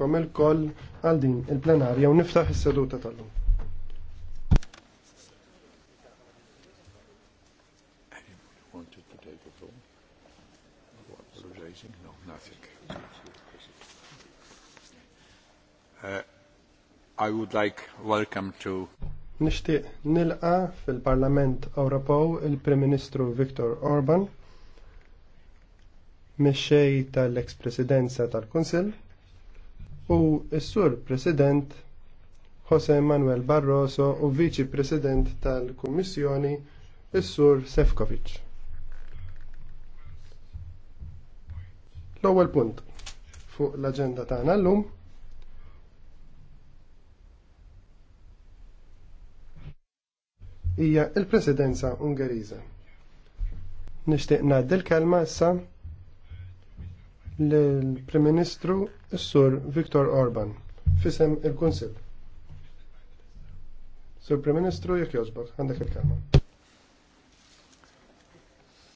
kom il-koll għal din il-plenarja u niftaħ is-seduta tal-lum. I would like welcome to Nishtiq nilqa fil-Parlament Ewropew il-Prim Ministru Viktor Orban mixej tal ex presidenza tal-Kunsill u s-sur President Jose Manuel Barroso u Viċi President tal-Kummissjoni s-sur Sefkovic. L-ewwel punt fuq l-aġenda tagħna llum hija l presidenza Ungeriża. Nixtieq ngħaddi l-kelma issa l-Prim Ministru s-Sur Viktor Orban fisem il-Kunsil. Sur Prim Ministru jek jozbok, għandek il-kalma.